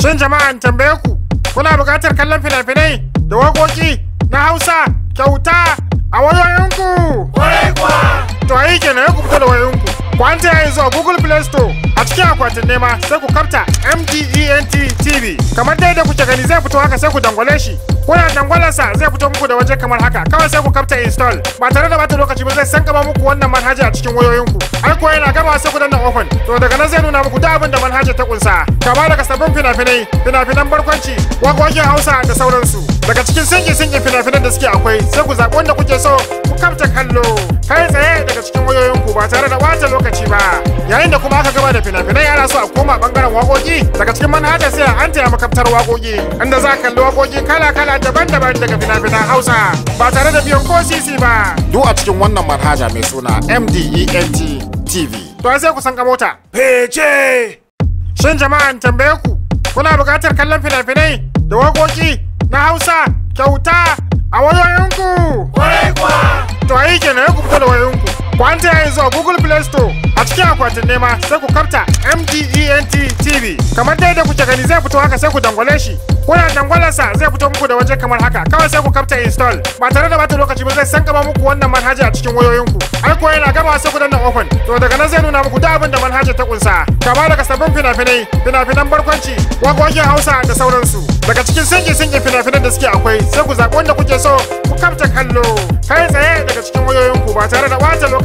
Shin jama'a in tambaye ku kuna buƙatar kallon fina-finai da waƙoƙi na Hausa kyauta a wayoyinku? Kwarai kuwa! To yi kenan ya ku fito da wayoyinku. Ku an yanzu a Google Play Store a cikin akwatin nema sai ku karta MDENT TV. Kamar dai da kuke gani zai fito haka sai ku dangwale shi. Kuna dangwalarsa zai fito muku da waje kamar haka kawai sai ku karta install ba tare da bata lokaci ba zai san gaba muku wannan manhaja a cikin wayoyinku. Ai ko yana gama sai ku danna open to daga nan zai nuna muku duk abin da manhaja ta kunsa kama daga sabbin fina-finai fina-finan barkwanci waƙoƙin Hausa da sauransu. daga cikin singin-singin fina-finan da suke akwai sai ku zaɓi wanda kuke so ku kamta kallo kai tsaye daga cikin wayoyin ku ba tare da wata lokaci ba yayin da kuma aka gaba da fina-finai ana so a koma bangaren wakoki, daga cikin manhaja sai an taya makaftar waƙoƙi inda za a kalli wakoki kala-kala daban-daban daga fina-finan hausa ba tare da biyan ko sisi ba duk a cikin wannan manhaja mai suna mdent tv to sai ku san ka mota fece shin jama'an tambaye ku kuna buƙatar kallon fina-finai da waƙoƙi na Hausa kyauta a wayoyinku. Kwarai kuwa! To ayi kenan ya ku da wayoyinku. ku an ta yanzu a Google Play Store a cikin akwatin nema sai ku karta MDENT TV kamar dai da kuke gani zai fito haka sai ku dangwale shi kuna sa zai fito muku da waje kamar haka kawai sai ku karta install ba tare da bata lokaci ba zai san kama muku wannan manhaja a cikin wayoyinku ai ko yana gama sai ku danna open to daga nan zai nuna muku duk abin da manhaja ta kunsa kama daga sabbin fina-finai fina-finan barkwanci waƙoƙin Hausa da sauransu daga cikin singe-singe fina-finan da suke akwai sai ku zaɓi wanda kuke so ku karta kallo kai tsaye daga cikin wayoyinku ba tare da bata lokaci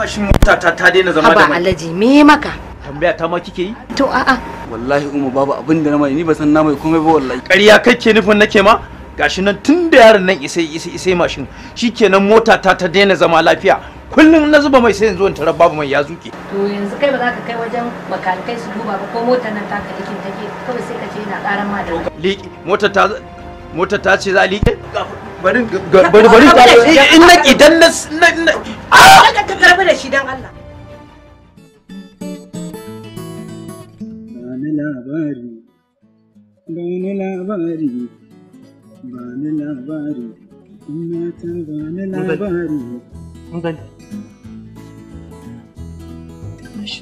mashin mota ta ta daina zama da mai. Haba Alhaji me maka? Tambaya ta ma kike yi? To a'a. Wallahi Umu babu abin da na mai ni ba san na mai komai ba wallahi. Ƙarya kake nufin nake ma? Gashi nan tun da yaron nan isai isai isai mashin shikenan mota ta ta daina zama lafiya kullum na zuba mai sai yanzu in tarar babu mai ya zuke. To yanzu kai ba za ka kai wajen makalikai su duba ba ko mota nan taka likin take kawai sai ka ce na ƙaran ma da. Liƙi Mota ta mota ta ce za a liƙe? bari bari bari in na idan na ah! Ah! ka karbi da shi dan Allah bani labari bani labari bani labari ina bani labari mun gani shi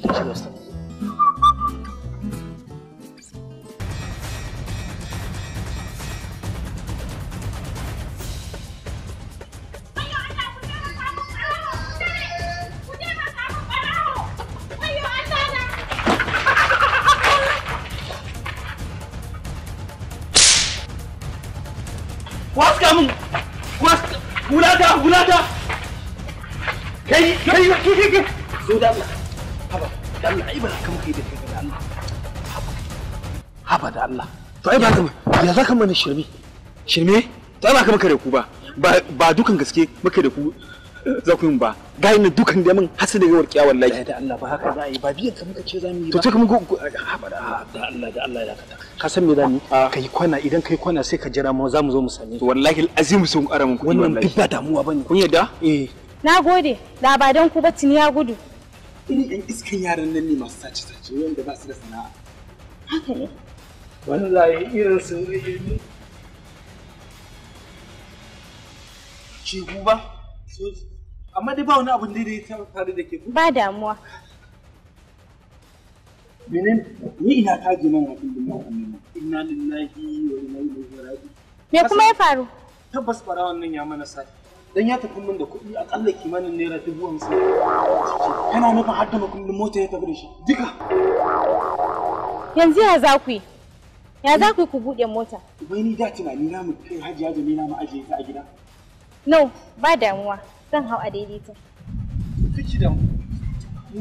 ai ba kama ya za ka mana shirme shirme ta ba ka maka da ku ba ba dukan gaske maka da ku eh, za ku yin ba ga yin dukan da mun hasu da yawar kiyawar wallahi da Allah ba haka za a yi ba biyan ka muka ce za mu yi ba to ta go da Allah da Allah ya dakata ka san me za mu ah. ka yi kwana idan kai kwana sai ka jira mu za mu zo mu same wallahi alazim sun kara mun kuɗi wannan duk ba damuwa bane kun yadda eh na gode labadan ku ba ya gudu ini ɗan iskan yaran nan ne masu sace sace wanda ba su da sana'a haka ne wallahi ba ya da ke ba damuwa menene ni ina da lillahi me kuma ya faru tabbas barawan nan ya mana sai dan ya tafi min da kuɗi akalla kimanin naira dubu hamsin yana nufin har da makullin mota ya tafi da shi duka yanzu ya za ku yi Ya za ku ku buɗe mota? Wai ni da tunani na mu kai Hajiya Jamila mu ajiye ta a gida. No, ba damuwa. Zan hau a daidaita. Kici da mu.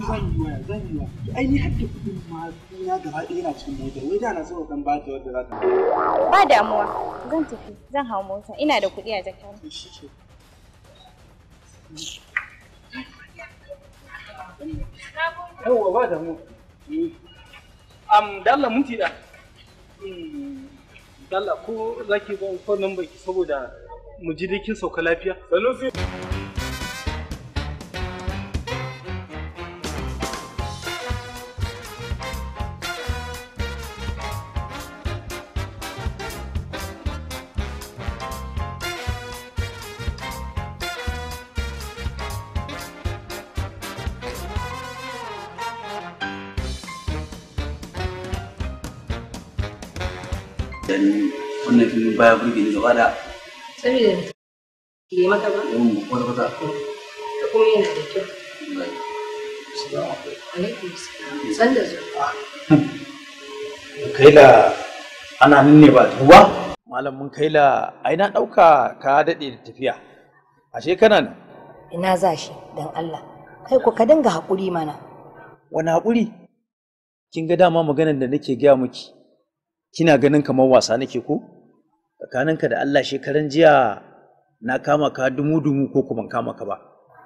zan yi waya, zan yi waya. Ai ni har da kuɗin ma na gaba ɗaya yana cikin motar. Wai da na so kan ba ta wadda za ta. Ba damuwa. Zan tafi, zan hau mota. Ina da kuɗi a jaka Shi ke. ba damuwa. Eh. Am, dalla Allah mun Dalla ko zaki ba ko nan baki saboda mu ji dai sauka lafiya. dan wannan filin baya burge ni gaba da saboda bai maka ba yau kwata kwata ko ta kuma yana da kyau assalamu alaikum alaikum san da zuwa kai da ana nan ne ba tuwa malam mun kai la ai na dauka ka dade da tafiya ashe kana nan ina za shi dan Allah kai ko ka dinga hakuri mana wani hakuri kin ga dama maganar da nake gaya miki kina ganin kamar wasa nake ko tsakaninka da Allah shekaran jiya na kama ka dumu dumu ko kuma kama ka ba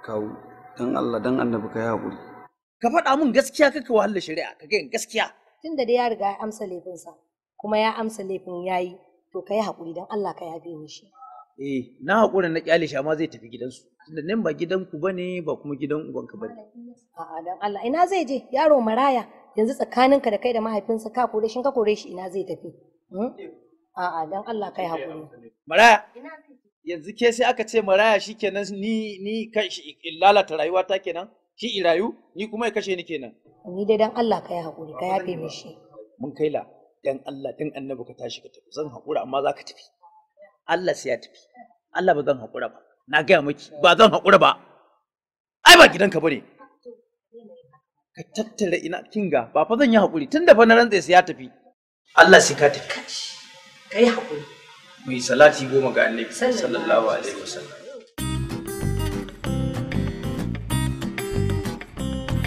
kawo dan Allah dan annabi ka yi hakuri ka faɗa min gaskiya kake wahala shari'a ka ga gaskiya tunda da ya riga ya amsa laifinsa kuma ya amsa laifin yayi to ka yi hakuri dan Allah ka yafe mishi eh na hakura na kyale shi amma zai tafi gidansu tunda nan ba gidanku bane ba kuma gidan ubanka bane a'a dan Allah ina zai je yaro maraya yanzu tsakaninka da kai da mahaifinsa ka kore shi ka kore shi ina zai tafi hmm? a'a dan Allah kai hakuri maraya yanzu ke sai aka ce maraya shikenan ni ni kai shi lalata rayuwa ta kenan shi irayu ni kuma ya kashe ni kenan ni dai dan Allah kai hakuri ka yafe mishi mun kai la dan Allah dan annabi ka tashi ka tafi zan hakura amma za ka tafi Allah sai ya tafi Allah ba zan hakura ba na gaya miki ba zan hakura ba ai ba gidanka bane ka tattara ina kinga ba fa zan yi haƙuri tun da fa na rantse sai ya tafi Allah sai ka tafi ka yi haƙuri mai salati goma ga annabi sallallahu alaihi wasallam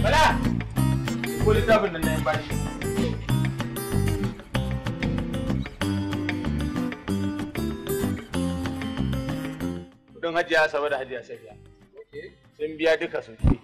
bala ko littafin nan na yan bani kudin hajiya saboda hajiya safiya sun biya duka sun fi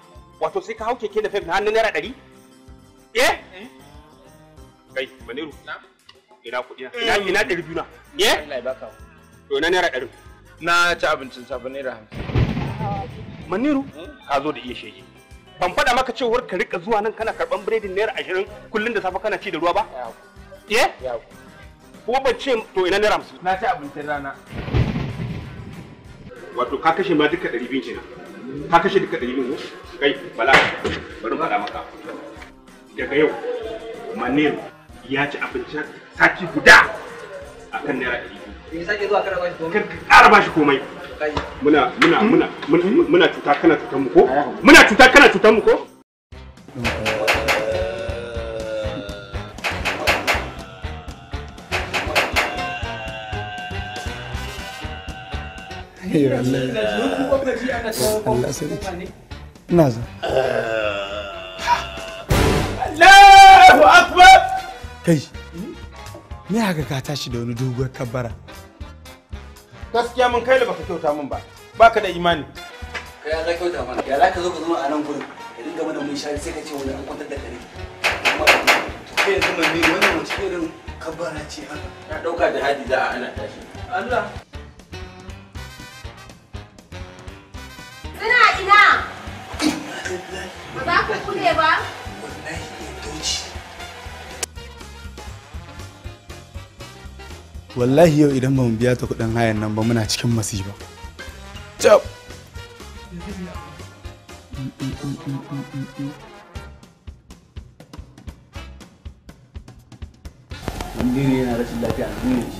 wato sai ka hau keke da fahimta na hannun naira ɗari eh kai maniru ina kuɗi eh. ina ina ɗari biyu na eh, eh? Allah ya baka to ina naira ɗari na ci abincin safe naira hamsin maniru hmm? ka zo da iya shege ban faɗa maka cewar ka rika zuwa nan kana karɓan biredin naira ashirin kullum da safe kana ci da ruwa ba eh kuma ban ce to ina naira hamsin na ci abincin rana wato ka kashe ma duka ɗari biyu kenan ka kashe duka ɗari ne kai bala bari faɗa maka daga yau manir ya ci abincin sati guda a kan naira ɗari sake zuwa kana bashi komai ka ƙara bashi komai muna muna muna muna cuta kana cutar mu ko muna cuta kana cutar mu ko eh, Allah kai me haka ka tashi da wani doguwar kabbara gaskiya mun kai da baka kyauta min ba baka da imani kai an kyauta ya zaka zo ka zama a nan gurin ka dinga mana mun sai ka ce wani an kwantar da kare kai yanzu wannan irin Allah Suna ina? Ba za ku kule ba? Wallahi yau idan ba mu biya ta kuɗin hayan nan ba muna cikin masifa. Cap! Wanda yana rashin lafiya a duniya shi.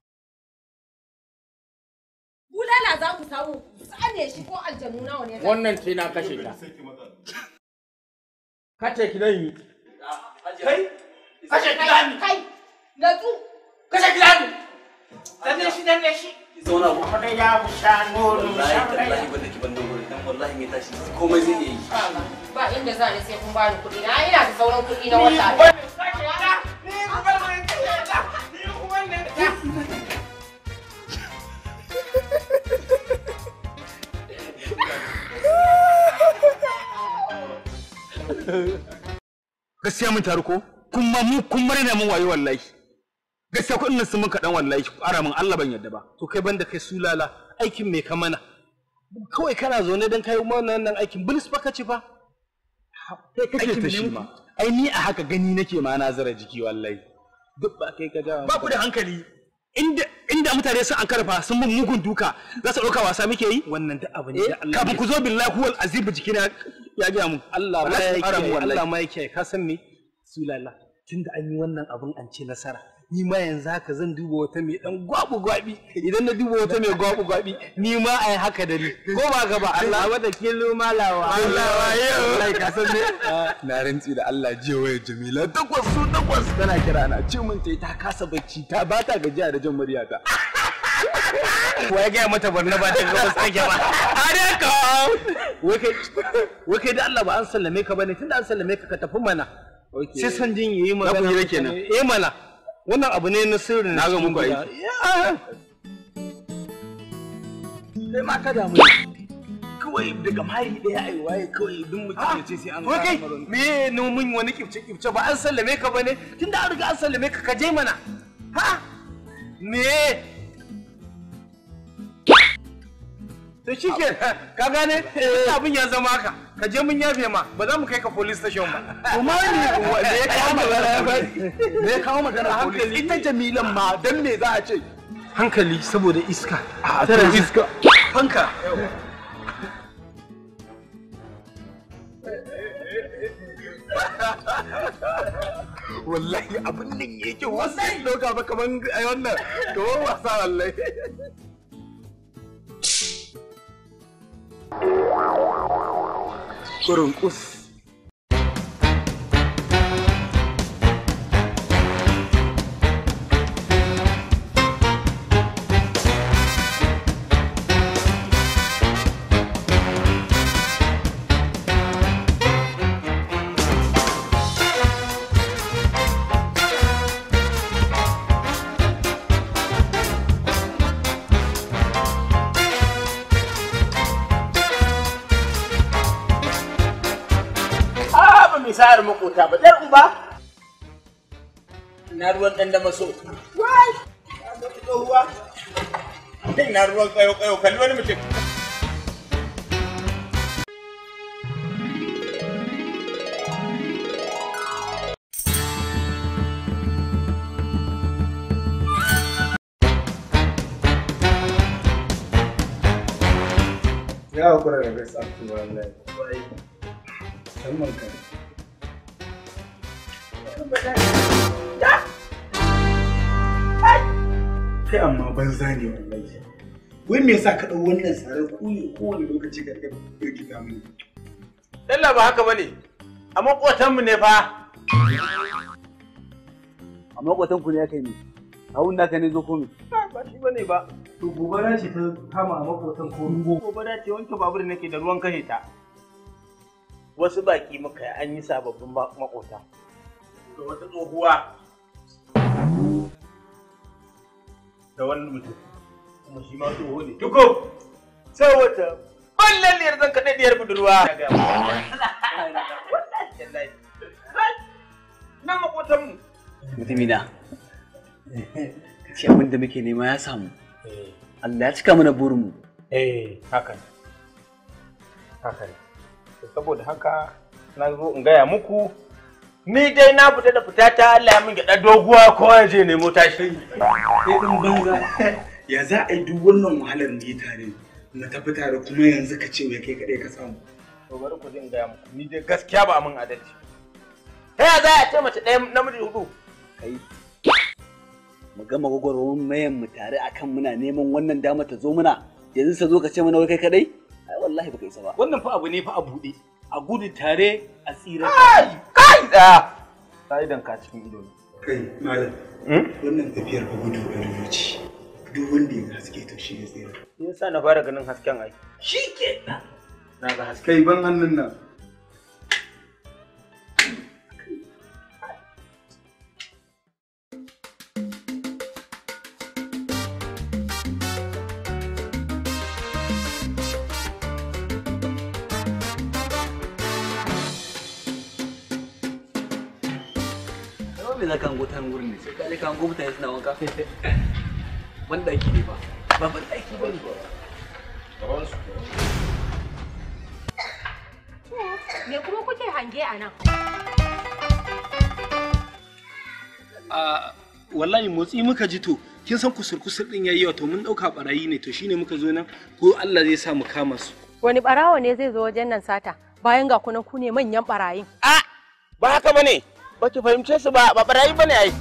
za ku samu ku tsane shi ko aljanu nawa wannan ce na kashe ta kace ki kai kashe ki kai natsu kashe ki dan shi shi zauna ku fa dai ya mu sha sha ki dan wallahi me tashi komai zai yi ba inda za ni sai kuɗi na ina da sauran kuɗi na wata ni ku gaskiya mun taru ko kuma mu kun mare mun wayo wallahi gaskiya ku nan su mun kaɗan wallahi ƙara mun Allah ban yadda ba to kai banda kai sulala aikin me ka mana kawai kana zaune don kai wannan nan aikin bilis ba ka ci ba kai kake ta shi ma ai ni a haka gani nake ma na zara jiki wallahi duk ba kai ka ba ku da hankali inda da mutane sun an karfa sun mun mugun duka za su ɗauka wasa muke yi wannan da abin eh, da Allah kafin ku zo billahi huwal azib jiki na ya ga mu Allah ma yake Allah ma yake ka san me sulala tunda an yi wannan abun an ce nasara ni ma yanzu haka zan duba wata mai dan gwabu gwabi idan na duba wata mai gwabu gwabi ni ma ai haka da ni ko ba ka ba Allah wata kilo malawa Allah wa yau Allah ka san ne ah, na rantsi da Allah jiya waya Jamila takwas su takwas tana kira na ce mun ta kasa bacci ta ba ta gajiya da jan murya ta wai ga mata barna ba ta gabas take ba adaka ka wai kai da Allah ba an sallame ka bane tunda an sallame ka ka tafi mana sai son jin yayi magana eh mana wannan abu ne na sirrin na ga muku aiki sai ma kawai daga mari daya ai waye kawai duk mutum ah! ya ce sai an kai me ne mun wani kifce kifce ba an sallame ka ba ne? tunda an riga an sallame ka ka je mana ha me to ke. ka gane eh. abin ya zama ka ka je mun yafe ma ba za mu kai ka police station ba kuma ni da ya kawo magana ba me ya kawo magana hankali ita jamilan ma dan me za a ce hankali saboda iska a tare iska fanka wallahi abin nan yake wasan doka ba kaman wannan to wasa wallahi Coruncos. makota ba ɗar uba na ruwan ɗan da maso wai na ruwan kayo kayo kalli wani mutum Yeah, Ya, aku nak rasa tu orang Come on, come on. Kai amma banza ne wallahi. Wai me yasa ka ɗau wannan tsarar kuyi kowane lokaci ka ɗau ɗauki ta mini? ba haka bane. A mu ne fa. A ku ne aka yi ne. Hawun naka ne zo komi. Ba shi bane ba. To gobara ce ta kama a maƙotan ko Gobara ce wanke babur nake da ruwan kashe ta. Wasu baki muka an yi sababbin maƙota. da wata tsohuwa da wani mutum kuma shi ma tsoho ne tuko sai wata ballan liyar zan kaɗe liyar budurwa nan makotanmu mutumina ce abin da muke nema ya samu Allah ya cika mana burinmu eh haka ne haka ne saboda haka na zo in gaya muku ni dai na fita da fita ta Allah ya min gyaɗa doguwa ko ya je nemo tashi. Sai ɗin banza ya za a yi duk wannan wahalar ne tare na tafi tare kuma yanzu ka ce kai kadai ka samu. To bari ku jin gaya muku ni dai gaskiya ba mun adalci. Ta ya za a ce mace ɗaya namiji hudu? Kai. Mu gama gwagwarwar mayan mu tare akan muna neman wannan dama ta zo muna yanzu sa zo ka ce mana wai kai kadai? Ai wallahi kai sa ba. Wannan fa abu ne fa a buɗe. A gudu tare a tsira. kai tsaya ta idan ka cikin ido kai malam hmm? wannan tafiyar ba gudu ba dubu ce duk wanda ya haske to shi ya tsira yasa na fara ganin hasken ai shi ke na ga haske ban hannun nan sai ka lika suna wanka ban daki ne ba ba ban daki ba ne ba me kuma kuke hange a nan a wallahi motsi muka ji to kin san kusur-kusur din yayi wato mun dauka barayi ne to shine muka zo nan ko Allah zai sa mu kama su wani barawo ne zai zo wajen nan sata bayan ga kunan ku ne manyan barayin a ba haka bane ba ki fahimce su ba ba barayi bane ai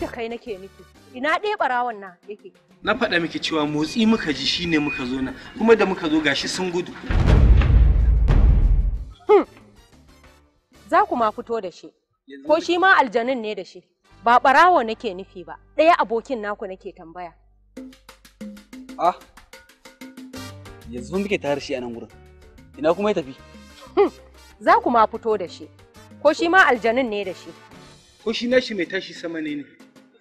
da kai nake nufi ina ɗaya ɓarawon na yake na faɗa miki cewa motsi muka ji shi ne muka zo na, kuma da muka zo gashi sun gudu hmm. za ku ma fito da shi ko shi ma aljanin ne da shi ba ɓarawo nake nufi ba ɗaya abokin naku nake tambaya ah yanzu muke tare shi a nan wurin. ina kuma ya tafi hmm. za ku ma fito da shi ko shi ma aljanin ne da shi ko shi na shi mai tashi sama ne ne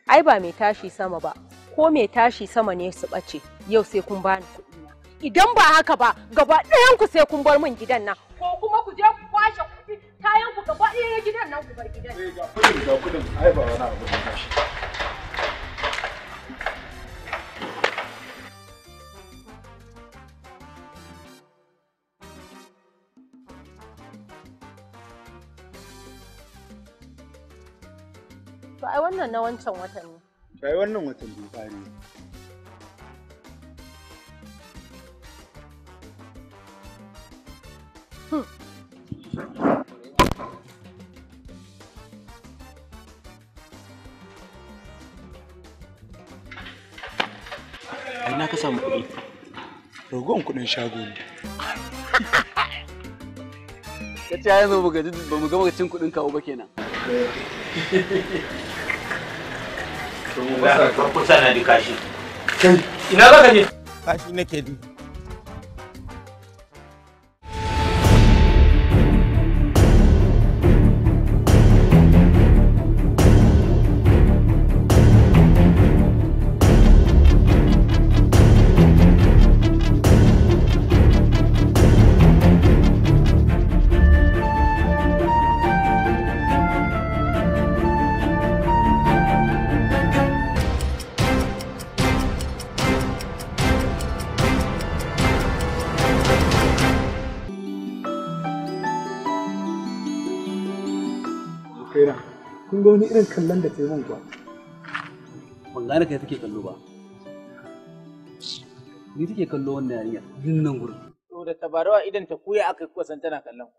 ai ba mai tashi sama ba ko mai tashi sama ne su ɓace yau sai kun bani kuɗi na idan ba haka ba gaba ɗayan ku sai kun bar min gidan nan ko kuma ku je ku kwashe kuɗi kayan ku gaba ɗaya gidan nan ku bar gidan. Eh, ga kuɗin ga kuɗin ai ba wani abu ne tashi. wannan na wancan watan ne. Kai wannan watan bai ne? Hmm. Ai na ka samu kuɗi. Rogon kuɗin shago ne. Ka ce yanzu ba mu gama cin kuɗin kawo ba kenan. to mu ba bi ina za ka je kashi nake kun ga wani irin kallon da ta yi min kuwa ban gane kai take kallo ba ni take kallo wannan yarinya din nan gurin to da tabarawa idan ta kuya aka kuwa san tana kallon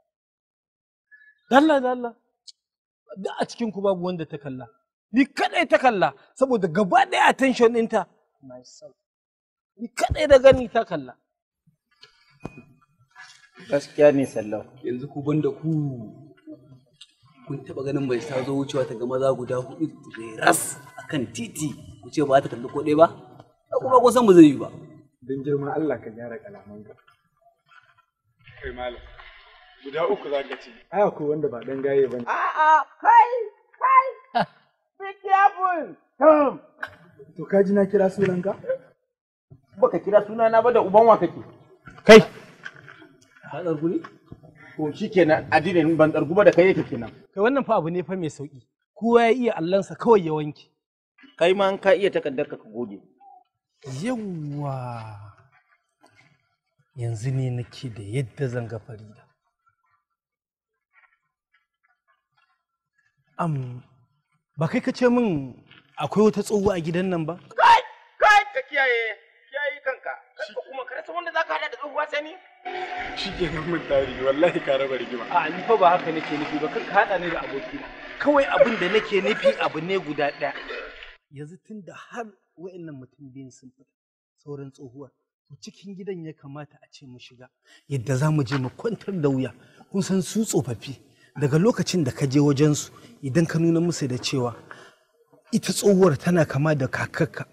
dalla dalla a cikin ku babu wanda ta kalla ni kadai ta kalla saboda gaba ɗaya attention ɗinta myself ni kadai da gani ta kalla gaskiya ne sallau yanzu ku banda ku kun taba ganin bai sa zo wucewa ta ga maza guda hudu ras a kan titi ku ce ba ta kalli ko ɗaya ba ko kuma ko san ba zai yi ba don girma, Allah ka gyara ka. kai malam guda uku za ka ci ai ko wanda ba dan gaye ba. a a kai kai be careful tom to ka ji na kira sunanka baka kira sunana ba da uban wa kake kai ka guri? shi kenan, addinin ban tsarguba da kai yake kenan kai wannan fa abu ne fa mai sauki kowa ya iya allansa kawai ya wanke kai ma an ka iya takaddar ka goge. yawwa yanzu ne nake da yadda zan ga farida am ba kai ka ce min akwai wata tsohuwa a gidan nan ba kai kai ka kiyaye kiyaye kanka kuma ka rasa wanda zaka hada da tsohuwa sai ni shi ke nan tari wallahi a ni fa ba haka nake nufi ba kar ka hada ni da abokina kawai abin da nake nufi abu ne guda ɗaya yanzu tun da har wa'annan mutum biyun sun fita sauran tsohuwar to cikin gidan ya kamata a ce mu shiga yadda za mu je mu kwantar da wuya kun san su tsofaffi daga lokacin da ka je wajensu idan ka nuna musu da cewa ita tsohuwar tana kama da kakarka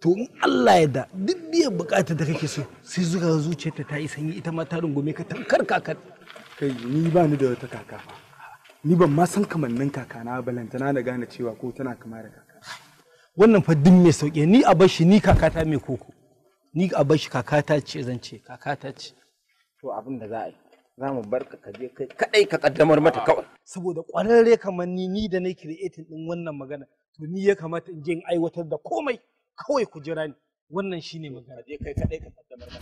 to in Allah ya da duk biyan bukatar da kake so sai zuga zuciyarta ta yi sanyi ita ma ta rungume ka tankar kakar kai ni ba ni da wata kaka fa ni ban ma san kamannin kakana balantana na gane cewa ko tana kama da kaka wannan fa duk mai sauke ni a bashi ni kakata mai koko ni a bashi kakata ce zan ce kakata ce to abin da za a yi za mu bar ka kaje kai kadai ka kaddamar mata kawai saboda kwararre kamar ni ni da na creating din wannan magana to ni ya kamata in je in aiwatar da komai kawai ku jira ni wannan shine magana je kai kadai ka kaddamar da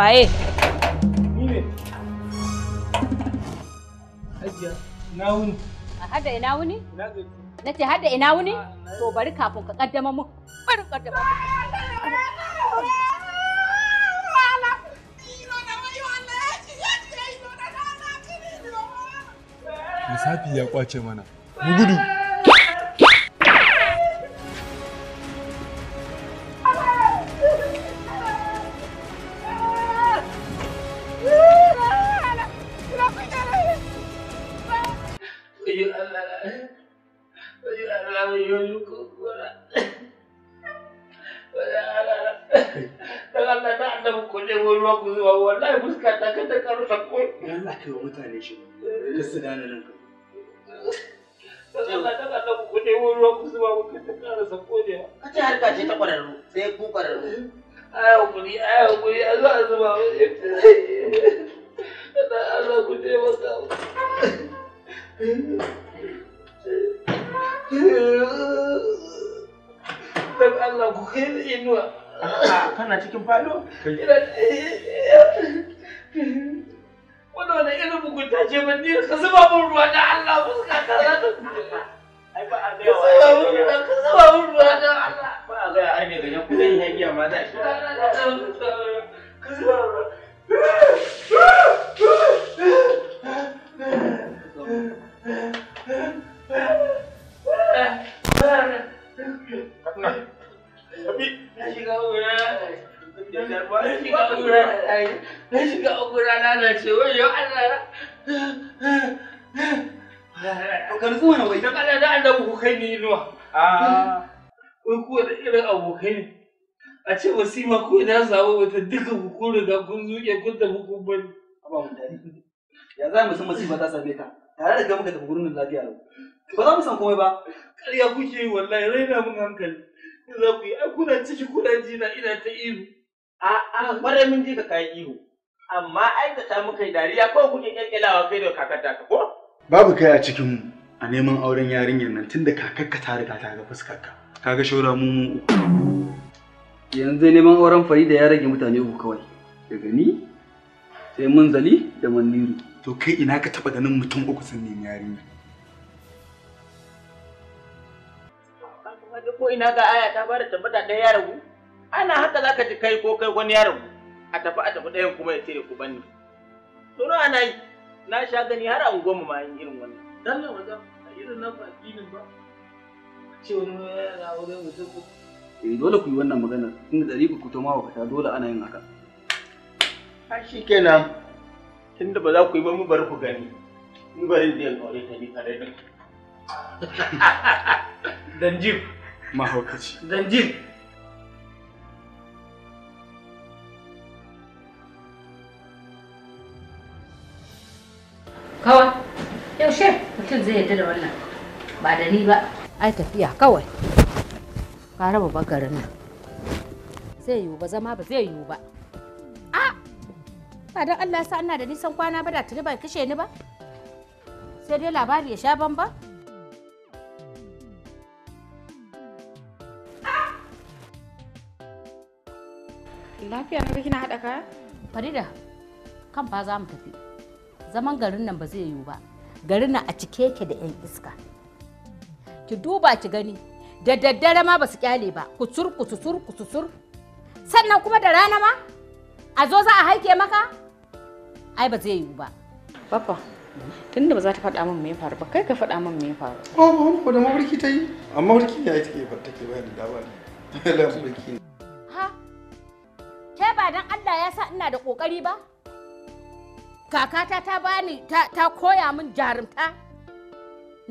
waye ina wuni hada ina wuni na ce hada ina wuni ah, to bari kafin ka kaddama mu bari kaddama mu lissafi ya kwace mana mu gudu irin abokai ne a ce wasima ko ina samu wata duka ku da kun zuke kun tafi kun bari ba mu ya za mu san masifa ta same ka tare da gama ka tafi gurin lafiya lau ba za mu san komai ba ƙarya kuke yi wallahi raina mun hankali za ku yi ai kuna ciki kuna ji na ina ta ihu a'a kwarai mun ji ka kai ihu amma aikata muka yi dariya ko kuke kirkirawa kai da kakar ka ko babu kai a cikin a neman auren yarinyar nan tunda kakakka ta riga ta ga fuskarka kaga shaura mu mu uku yanzu neman auren Farida ya rage mutane uku kawai daga ni sai mun zali da manniru to kai ina ka taba ganin mutum uku sun nemi yarinya ko ina ga aya ta bada tabbata ɗaya ya ragu ana haka zaka ji kai ko kai wani ya ragu a tafi a tafi ɗayan kuma ya ce ku banni to na ana yi na sha gani har a unguwarmu ma yin irin wannan dan nan wajen a irin nan ba ba ce wani yana wani mutum eh dole ku yi wannan magana tun da ɗari ku ta dole ana yin haka a shi kenan tunda ba za ku yi ba mu bar ku gani mu bari da yin aure ta ni kare da danjib mahaukaci danjib kawai yaushe mutum zai yadda da wannan ba da ni ba ai tafiya kawai ka raba bagarin nan zai yiwu ba zama ba zai yiwu ba a ba don allah sa ina da nisan kwana ba da tuni ba kashe ni ba sai dai labari ya sha ba? lafiya na kina haɗa ka? farida kan ba za mu tafi zaman garin nan ba zai yiwu ba garin nan a cike yake da 'yan iska ki duba ki gani da daddare ma basu kyale ba kucur kucur kucur sannan kuma da rana ma a zo za a haike maka ai ba zai yiwu ba papa tun da ba za ta faɗa min me faru ba kai ka faɗa min me faru ko ba wani ko da mafarki ta yi amma mafarki ne ai take ba take bayar da labari mafarki ne ha ke ba dan Allah ya sa ina da kokari ba kakata ta bani ta koya min jarumta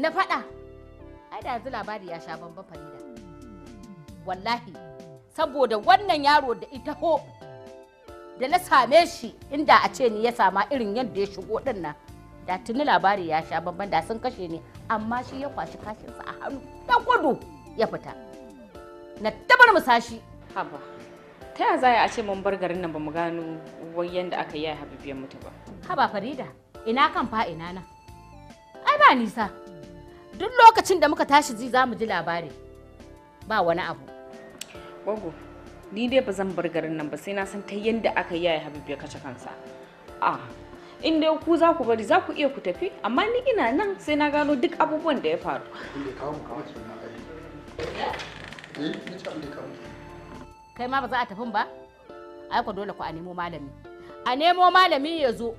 na faɗa ai da yanzu labari ya sha bamban farida wallahi saboda wannan yaro da ita ho da na same shi inda a ce ni ya sama irin yadda ya shigo din nan da tuni labari ya sha bamban da sun kashe ni amma shi ya kwashi kashinsa a hannu da gudu ya fita na tabar musashi haba ta yaya za a ce mun bar garin nan ba mu gano wai yanda aka yi habibiyan mutu ba haba farida ina kan fa ina nan ai ba nisa duk lokacin da muka tashi ji za mu ji labari ba wani abu gwago ni dai ba zan bar garin nan ba sai na san ta yadda aka yi yaya habib ya kace kansa a ah, in dai ku za ku bari za ku iya ku tafi amma ni ina nan sai na gano duk abubuwan da ya faru eh, kai ma ba za a tafin ba ai ku dole ku a nemo malami a nemo malami ya zo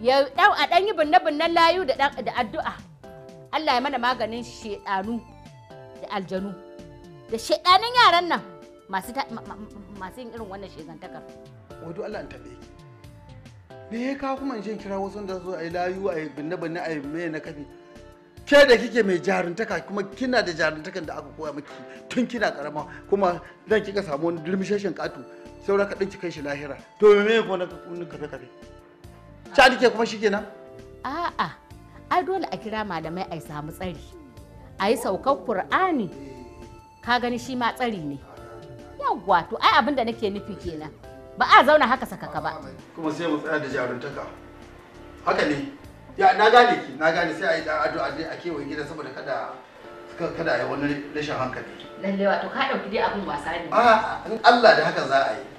ya a ɗan yi binne-binnen layu da addu'a Allah ya mana maganin shedanu da aljanu da shedanin yaran nan masu masu yin irin wannan shegantakar wato Allah an tabe me ya kawo kuma in kira wasu da zo a yi layu a yi binne-binne a yi mai na kafi ke da kike mai jaruntaka kuma kina da jaruntakan da aka koya miki tun kina karama kuma dan kika samu wani durmisheshin katu saura ka dinki kai shi lahira to me me ko na kafe kafe ta dike kuma shikenan a'a ai dole a kira malamai a samu tsari a yi saukar kur'ani ka gani shi ma tsari ne yawwa to ai abin da nake nufi kenan ba a zauna haka sakaka ba kuma sai mu tsaya da jaruntaka haka ne ya na gane ki na gane sai a yi da addu'a dai a kewaye gidan saboda kada kada ya yi wani rashin hankali lalle wato ka dauki dai abin wasa ne A'a, in Allah da haka za a yi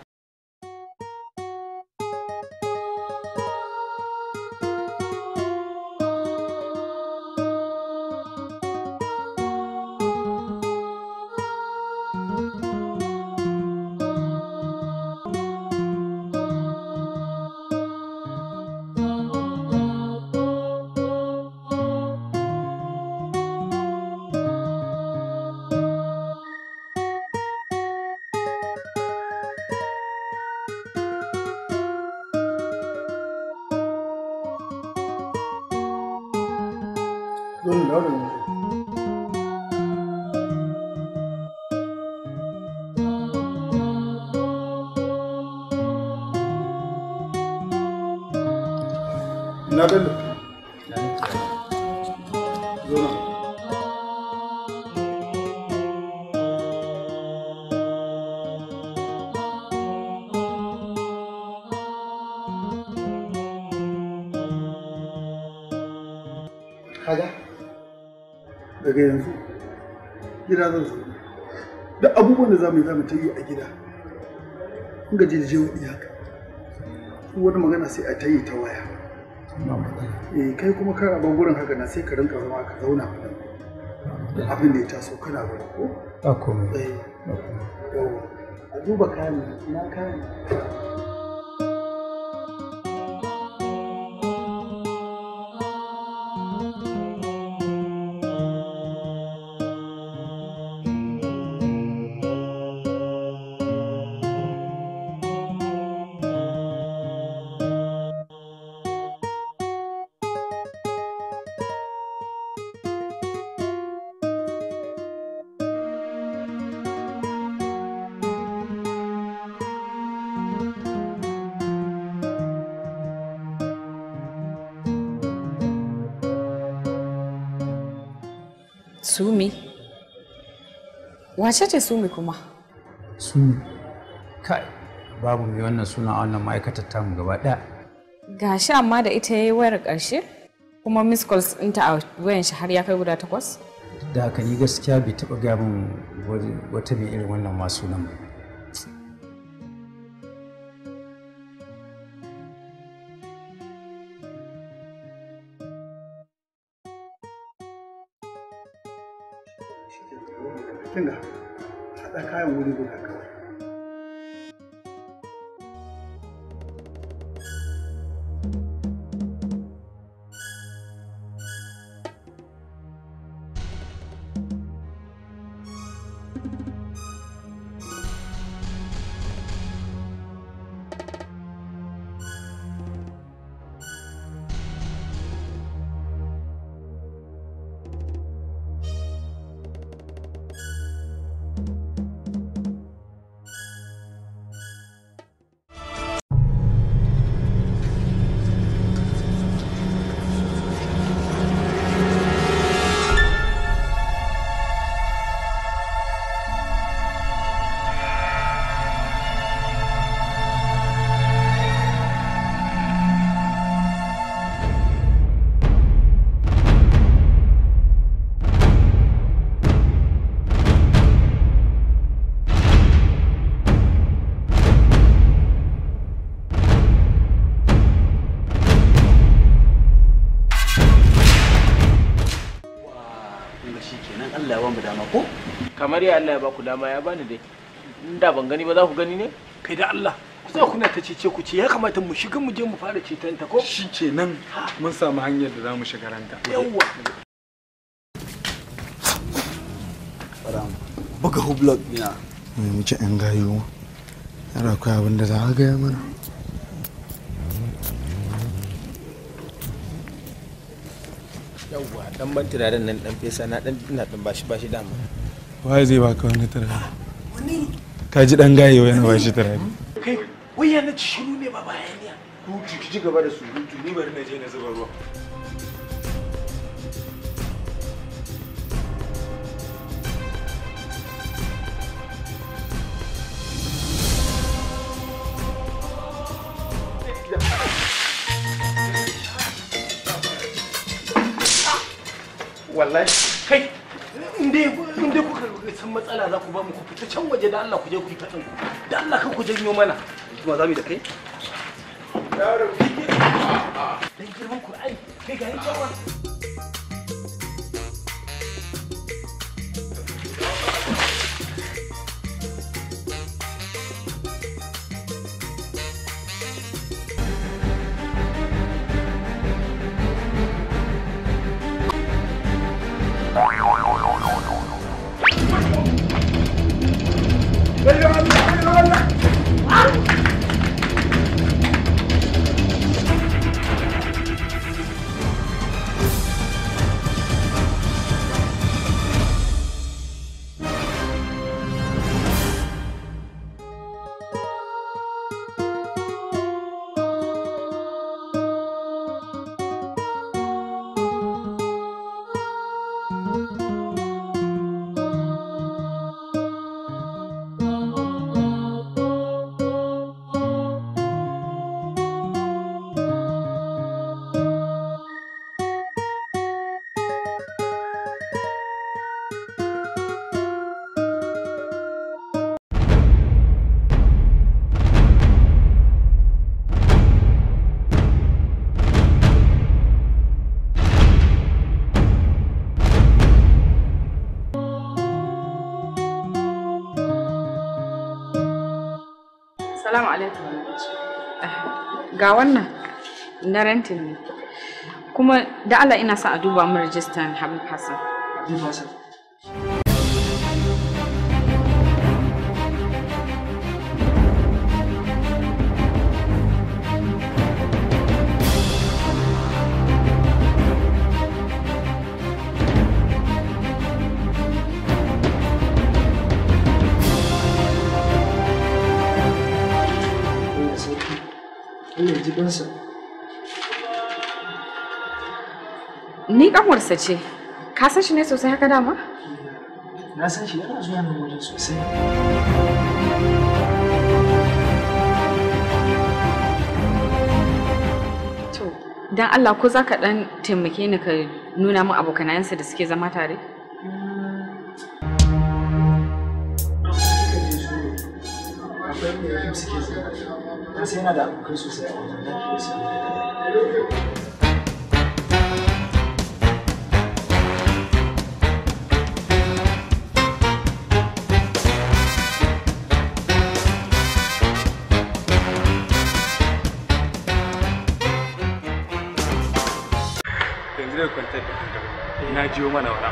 daga yanzu gida zan zo da abubuwan da zamu yi zamu ta yi a gida in gaji da haka iyaka wani magana sai a ta yi ta waya eh kai kuma kana ban gurin haka na sai ka rinka zama ka zauna a nan abin da ya taso kana gurin ko a komai eh. a duba kayan na kayan mace ce sumi kuma sumi kai babu mai wannan suna a wannan ma'aikatar tamu gaba ɗaya gashi amma da ita ya yi wayar ƙarshe kuma miss calls ɗinta a wayan shi har ya kai guda takwas da haka ni gaskiya bai taɓa gabin wata mai irin wannan masu nan ba kin ga haɗa kayan wuri guda kawai har ya Allah ya ku dama ya bani dai in da ban gani ba za ku gani ne kai da Allah kusa kuna ta cece ku ce ya kamata mu shiga mu je mu fara ceton ta ko shi kenan mun samu hanyar da za mu shiga ranta yawwa buga hublot ina mai muke an gayo yara kai abin da za a gaya mana yawwa dan ban turaren nan dan fesa na dan ina dan bashi bashi dama Wai zai baka wani turare ka ji dan gayewa yana ba shi turare kai wai na ci shiru ne ba ba bayaniya hutu ki ji gaba da su surutu ni bari na je na zuba ruwa wallahi kai in kuka san matsala za ku ba mu fita can waje da Allah ku je ku yi da Allah ku janyo mana kuma za mu ga wannan na rentin ne kuma da Allah ina sa a duba mu rajistan Habib Hassan Habib Hassan kanwarsa ce. Ka san shi ne sosai haka dama? Na san shi yana zuwa nan wajen sosai. To, dan Allah ko za ka ɗan taimake ni ka nuna min abokanayensa da suke zama tare? akwai da suke zama. sai yana da abokan sosai a wajen da ke zai kwantar da hankali na jiyo mana wani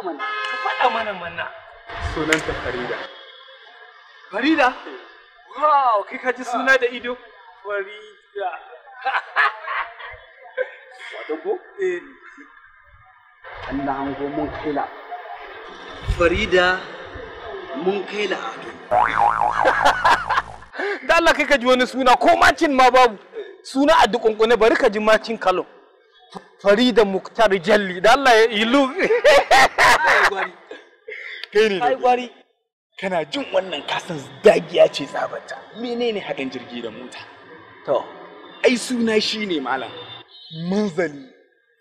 abu faɗa mana manna sunanta farida farida eh. wow kai ka ji ah. suna da ido farida wadda ko eh an na hango mun kaila farida mun kaila ado da Allah kai ka ji wani suna ko macin ma babu suna a dukunkune bari ka ji macin kalon farida muktar jalli da Allah ya ilu kai ne gwari kana jin wannan kasan dagiya ce tsabata menene hadin jirgi da mota to ai suna ne malam manzali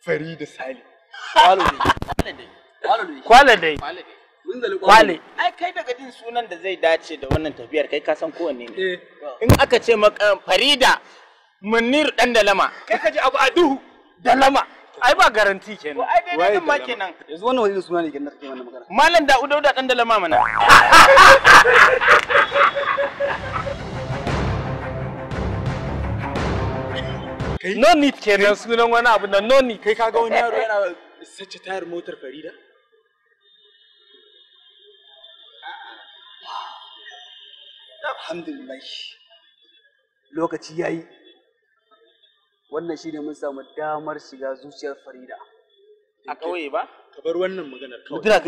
farida sali Kwale dai kwale ai kai daga jin sunan da zai dace da wannan tafiyar kai kasan kowanne ne eh. in aka ce maka farida munir dan dalama kai ka ji abu a duhu dalama ai ba garanti kenan ai dai dai ma kenan yanzu wannan wani suna ne kenan kake wannan magana malam da udau da dan dalama mana no need kenan sunan wani abu na no need kai kaga wani yaro yana sace tayar motar farida alhamdulillah lokaci yayi wannan shi ne mun samu damar shiga zuciyar farida a kawai ba kabar wannan maganar kawai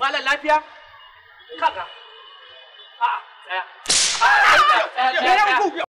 Mala lafiya? A'a, tsaya.